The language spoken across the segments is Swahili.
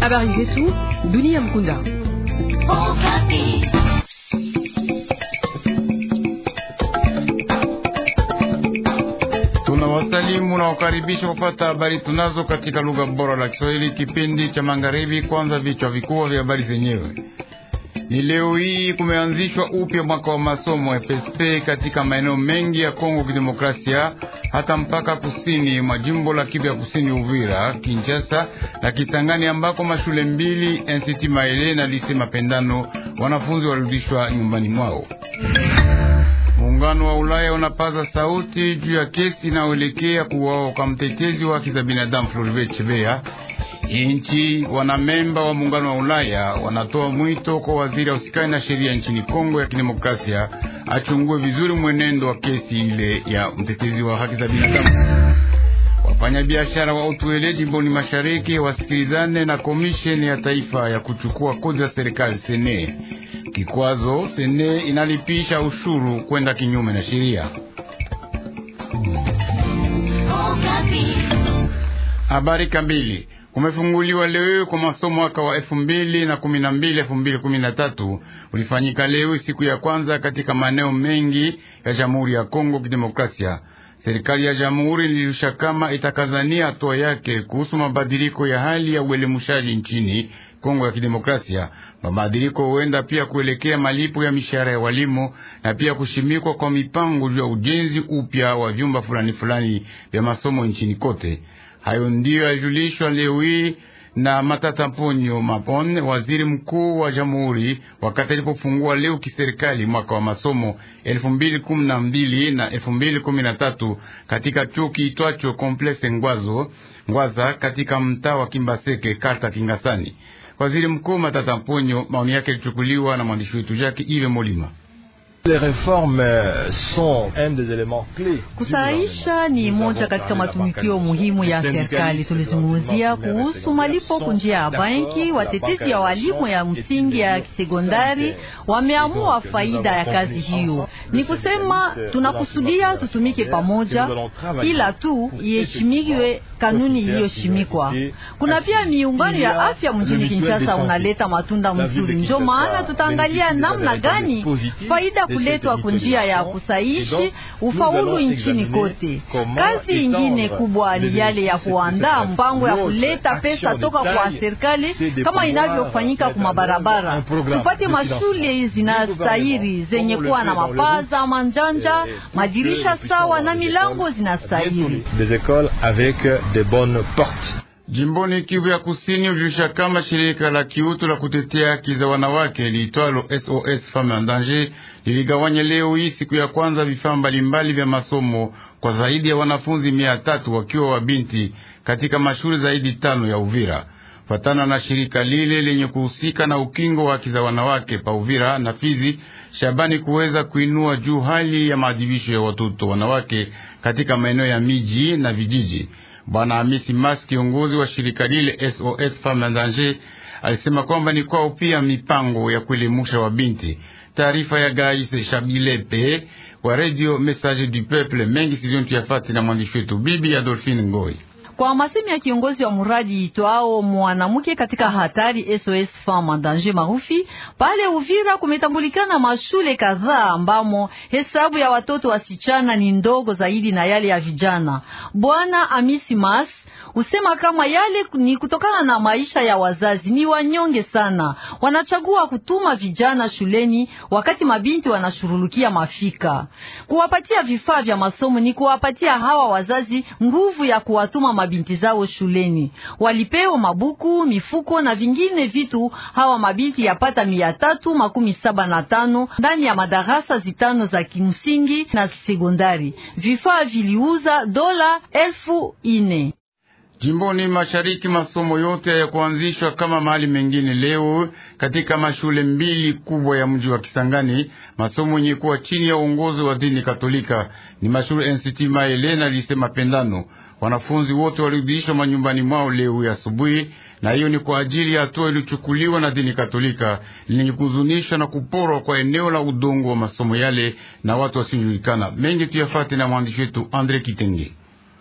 Habari zetu dunia mkunda. Tunawasalimu na wakaribisha kufata habari tunazo katika lugha bora la Kiswahili kipindi cha magharibi. Kwanza vichwa vikubwa vya habari zenyewe. Ni leo hii kumeanzishwa upya mwaka wa masomo FSP katika maeneo mengi ya Kongo Kidemokrasia hata mpaka kusini mwa jimbo la Kivu ya Kusini, Uvira, Kinshasa na Kisangani, ambako mashule mbili nct Maele na Lise Mapendano wanafunzi walirudishwa nyumbani mwao. Muungano wa Ulaya unapaza sauti juu ya kesi inayoelekea kuwao kwa mtetezi wa haki za binadamu Floribert Chebeya Inchi wanamemba wa muungano wa Ulaya wanatoa mwito kwa waziri usikani na sheria nchini Kongo ya Kidemokrasia achungue vizuri mwenendo wa kesi ile ya mtetezi wa haki za binadamu. Wafanyabiashara wa utuele jimboni mashariki wasikilizane na komisheni ya taifa ya kuchukua kodi za serikali sene. Kikwazo sene inalipisha ushuru kwenda kinyume na sheria. Habari kamili umefunguliwa leo kwa masomo mwaka wa elfu mbili na kumi na mbili elfu mbili kumi na tatu ulifanyika leo siku ya kwanza katika maeneo mengi ya Jamhuri ya Kongo Kidemokrasia. Serikali ya jamhuri ilirusha kama itakazania hatua yake kuhusu mabadiliko ya hali ya uelimushaji nchini Kongo ya Kidemokrasia. Mabadiliko huenda pia kuelekea malipo ya mishahara ya walimu na pia kushimikwa kwa mipango juu ya ujenzi upya wa vyumba fulani fulani vya masomo nchini kote. Hayo ndiyo yajulishwa leo hii na Matata Mponyo Mapon, waziri mkuu wa jamhuri, wakati alipofungua leo kiserikali mwaka wa masomo 2012 na 2013 katika chuo kiitwacho Complexe Ngwazo Ngwaza katika mtaa wa Kimbaseke, karta Kingasani. Waziri Mkuu Matata Mponyo, maoni yake yalichukuliwa na mwandishi wetu Jacques Ive Molima. Euh, Kusahihisha ni moja katika matumikio muhimu ya serikali. Tulizungumzia kuhusu malipo kwa njia ya banki. Watetezi ya walimu ya msingi ya kisekondari wameamua faida ya kazi hiyo, ni kusema tunakusudia tutumike pamoja, ila tu iheshimiwe kanuni iliyoshimikwa. Kuna pia miungano ya afya mjini Kinshasa unaleta matunda mzuri, ndio maana tutaangalia namna gani faida kuletwa kunjia ya kusaishi ufaulu nchini kote. Kazi ingine kubwa ni yale ya kuandaa mpango ya kuleta pesa toka kwa serikali kama inavyofanyika kwa mabarabara, tupate mashule zinastahili zenye kuwa na mapaza eh, manjanja, madirisha sawa na milango zinastahili. Euh, Jimboni Kivu ya Kusini ujulisha kama shirika la kiutu la kutetea haki za wanawake liitwalo SOS Femme en Danger liligawanya leo hii siku ya kwanza vifaa mbalimbali vya masomo kwa zaidi ya wanafunzi mia tatu wakiwa wabinti katika mashule zaidi tano ya Uvira fatana na shirika lile lenye kuhusika na ukingo wa haki za wanawake pa Uvira na Fizi, Shabani, kuweza kuinua juu hali ya maadhibisho ya watoto wanawake katika maeneo ya miji na vijiji. Bwana Hamisi Mas, kiongozi wa shirika lile SOS Femmes en Danger, alisema kwamba ni kwao pia mipango ya kuelimusha binti Taarifa ya Gais Shabilepe wa Radio Message du Peuple mengi sivyontu yafati na mwandishi wetu Bibi Adolfine Ngoi. Kwa masemi ya kiongozi wa mradi itwao mwanamke katika hatari SOS Femme Danger marufi pale Uvira, kumetambulikana mashule kadhaa ambamo hesabu ya watoto wasichana ni ndogo zaidi na yale ya vijana. Bwana Amisi Mas usema kama yale ni kutokana na maisha ya wazazi ni wanyonge sana, wanachagua kutuma vijana shuleni wakati mabinti wanashurulukia mafika. Kuwapatia vifaa vya masomo ni kuwapatia hawa wazazi nguvu ya kuwatuma mabinti zao shuleni, walipewa mabuku, mifuko na vingine vitu. Hawa mabinti yapata mia tatu makumi saba na tano ndani ya madarasa zitano za kimsingi na sekondari. Vifaa viliuza dola elfu ine. Jimboni mashariki masomo yote ya kuanzishwa kama mahali mengine leo katika mashule mbili kubwa ya mji wa Kisangani. Masomo yenye kuwa chini ya uongozi wa dini Katolika ni mashule NCT Maele na Lise Mapendano. Wanafunzi wote walirudishwa manyumbani mwao leo asubuhi, na hiyo ni kwa ajili ya hatua iliyochukuliwa na dini Katolika lenye kuzunisha na kuporwa kwa eneo la udongo wa masomo yale na watu wasiojulikana. Mengi tuyafate na mwandishi wetu Andre Kitenge.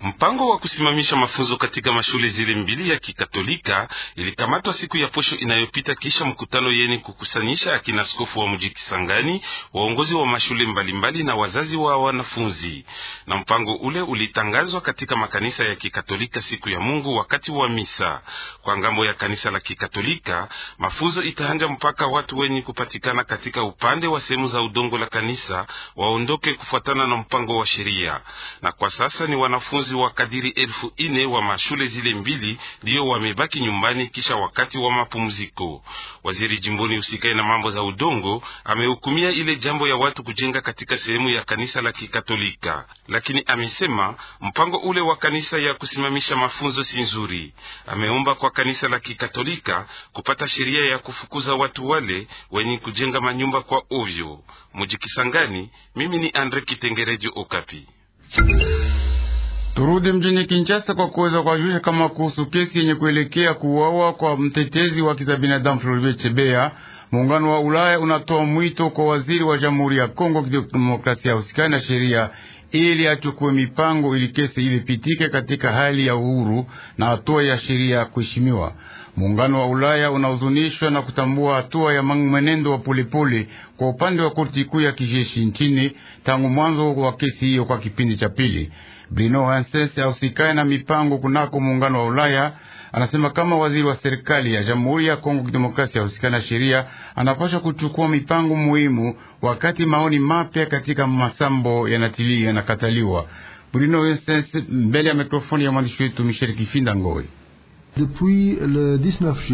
Mpango wa kusimamisha mafunzo katika mashule zile mbili ya Kikatolika ilikamatwa siku ya posho inayopita kisha mkutano yeni kukusanyisha akina askofu wa mji Kisangani, waongozi wa mashule mbalimbali na wazazi wa wanafunzi. Na mpango ule ulitangazwa katika makanisa ya Kikatolika siku ya Mungu wakati wa misa. Kwa ngambo ya kanisa la Kikatolika, mafunzo itaanja mpaka watu wenye kupatikana katika upande wa sehemu za udongo la kanisa waondoke kufuatana na mpango wa sheria. Na kwa sasa ni wanafunzi wanafunzi wa kadiri elfu ine wa mashule zile mbili ndiyo wamebaki nyumbani kisha wakati wa mapumziko. Waziri jimboni husikae na mambo za udongo amehukumia ile jambo ya watu kujenga katika sehemu ya kanisa la Kikatolika, lakini amesema mpango ule wa kanisa ya kusimamisha mafunzo si nzuri. Ameomba kwa kanisa la Kikatolika kupata sheria ya kufukuza watu wale wenye kujenga manyumba kwa ovyo. Mujikisangani, mimi ni Andre Kitengereji, Okapi. Turudi mjini Kinshasa kwa kuweza kuwajulisha kama kuhusu kesi yenye kuelekea kuuawa kwa mtetezi wa haki za binadamu Floribert Chebeya. Muungano wa Ulaya unatoa mwito kwa waziri wa Jamhuri ya Kongo Kidemokrasia husikani na sheria ili achukue mipango ili kesi ilipitike katika hali ya uhuru na hatua ya sheria kuheshimiwa. Muungano wa Ulaya unahuzunishwa na kutambua hatua ya mwenendo wa polepole kwa upande wa korti kuu ya kijeshi nchini tangu mwanzo wa kesi hiyo kwa kipindi cha pili. Bruno Hanses ahusikaye na mipango kunako muungano wa Ulaya anasema kama waziri wa serikali ya Jamhuri ya Kongo Kidemokrasia ahusikaye na sheria anapaswa kuchukua mipango muhimu, wakati maoni mapya katika masambo yanatilia yanakataliwa. Bruno Hanses mbele ya mikrofoni ya mwandishi wetu misheri Kifinda Ngoe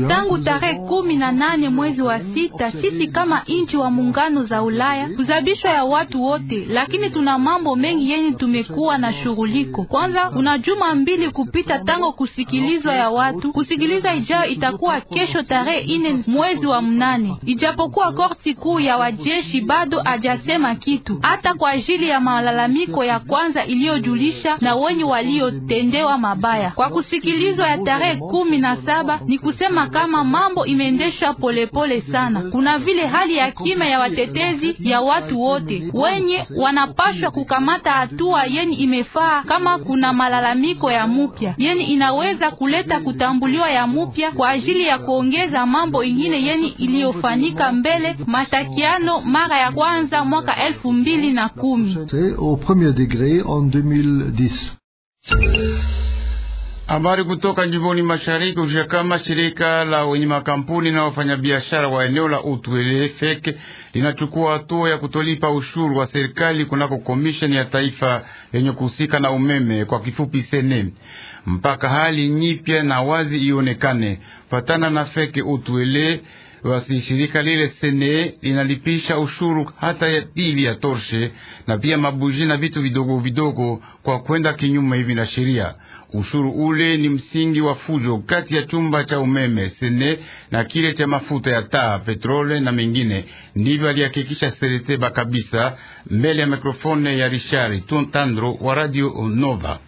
tangu tarehe kumi na nane mwezi wa sita sisi kama nchi wa muungano za Ulaya kuzabishwa ya watu wote, lakini tuna mambo mengi yenye tumekuwa na shughuliko. Kwanza, kuna juma mbili kupita tango kusikilizwa ya watu. Kusikiliza ijayo itakuwa kesho tarehe ine mwezi wa mnane, ijapokuwa korti kuu ya wajeshi bado hajasema kitu hata kwa ajili ya malalamiko ya kwanza iliyojulisha na wenye waliotendewa mabaya kwa kusikilizwa ya tarehe kumi na saba ni kusema kama mambo imeendeshwa polepole sana. Kuna vile hali ya kima ya watetezi ya watu wote wenye wanapashwa kukamata hatua yeni imefaa, kama kuna malalamiko ya mupya yeni inaweza kuleta kutambuliwa ya mupya kwa ajili ya kuongeza mambo ingine yeni iliyofanyika mbele mashakiano mara ya kwanza mwaka elfu mbili na kumi. Habari kutoka jimboni mashariki usha kama shirika la wenye makampuni na wafanyabiashara wa eneo la Utwelefeke feke linachukua hatua ya kutolipa ushuru wa serikali kunako komisheni ya taifa yenye kuhusika na umeme, kwa kifupi Sene, mpaka hali nyipya na wazi ionekane. Fatana na feke Utwele basi shirika lile Sene linalipisha ushuru hata ya pili ya torshe na pia mabuji na vitu vidogo vidogo kwa kwenda kinyume hivi na sheria. Ushuru ule ni msingi wa fujo kati ya chumba cha umeme sene na kile cha mafuta ya taa, petrole na mengine. Ndivyo alihakikisha Seleteba kabisa mbele ya mikrofone ya Richard Tontandro wa Radio Nova.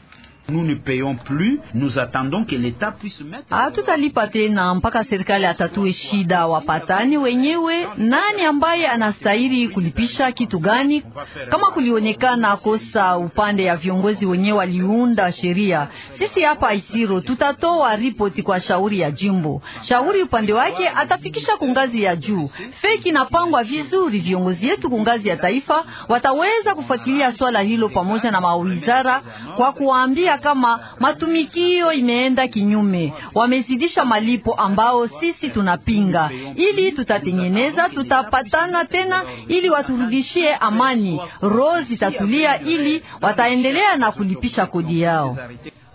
Hatutalipa tena mpaka serikali atatue shida wapatani wenyewe, nani ambaye anastahili kulipisha kitu gani. Kama kulionekana kosa upande ya viongozi wenyewe waliunda sheria, sisi hapa Isiro tutatoa ripoti kwa shauri ya jimbo. Shauri upande wake atafikisha kungazi ya juu. Feki inapangwa vizuri, viongozi yetu kungazi ya taifa wataweza kufuatilia swala hilo pamoja na mawizara kwa kuwaambia kama matumikio imeenda kinyume. Wamezidisha malipo ambao sisi tunapinga, ili tutatengeneza, tutapatana tena ili waturudishie amani, roho zitatulia, ili wataendelea na kulipisha kodi yao.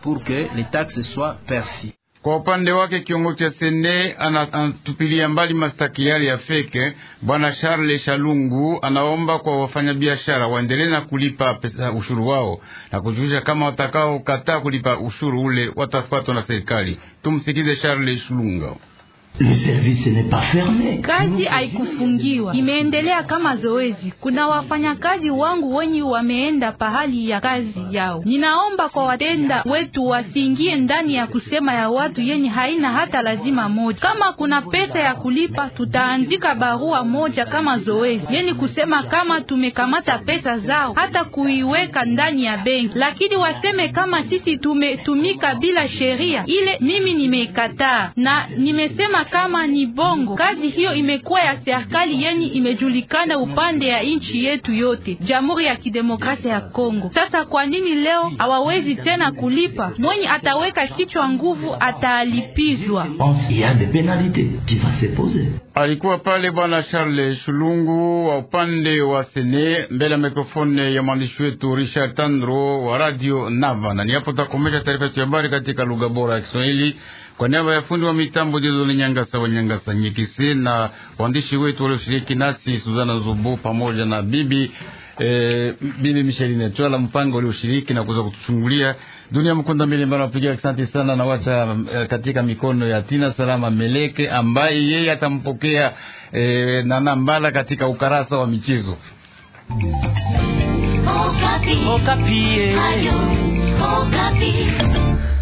Pour que les taxes soient perçues. Kwa upande wake kiongozi wa sene anatupilia mbali mastaki yale ya feke. Bwana Charles Shalungu anaomba kwa wafanyabiashara waendelee na kulipa pesa ushuru wao na kujulisha kama watakao kataa kulipa ushuru ule watafuatwa na serikali. Tumsikize Charles Shalungu. Kazi haikufungiwa imeendelea kama zoezi. Kuna wafanyakazi wangu wenye wameenda pahali ya kazi yao. Ninaomba kwa watenda wetu wasiingie ndani ya kusema ya watu yenye haina hata lazima moja. Kama kuna pesa ya kulipa, tutaandika barua moja kama zoezi yenye yaani kusema kama tumekamata pesa zao, hata kuiweka ndani ya benki. Lakini waseme kama sisi tumetumika bila sheria ile, mimi nimeikataa na nimesema kama ni bongo, kazi hiyo imekuwa ya serikali yenye imejulikana upande ya nchi yetu yote, Jamhuri ya Kidemokrasia ya Kongo. Sasa kwa nini leo hawawezi tena kulipa? Mwenye ataweka kichwa nguvu atalipizwa. Alikuwa pale Bwana Charles Shulungu wa upande wa Sene, mbele ya mikrofone ya mwandishi wetu Richard Tandro wa Radio Nava. Na ni hapo takomesha taarifa yetu ya habari katika lugha bora ya Kiswahili. Kwa niaba ya fundi wa mitambo Jezoni Nyangasa wa Nyangasa Nyikisi na waandishi wetu walioshiriki nasi Suzana Zubu pamoja na bibi eh, bibi Micheline Twala mpango walioshiriki na kuweza kutuchungulia dunia mkunda mbili mbali wapigia. Asante sana na wacha eh, katika mikono ya Tina Salama Meleke ambaye yeye atampokea eh, na nambala katika ukarasa wa michezo Okapi. Okapi. Eh. Ayu, Okapi.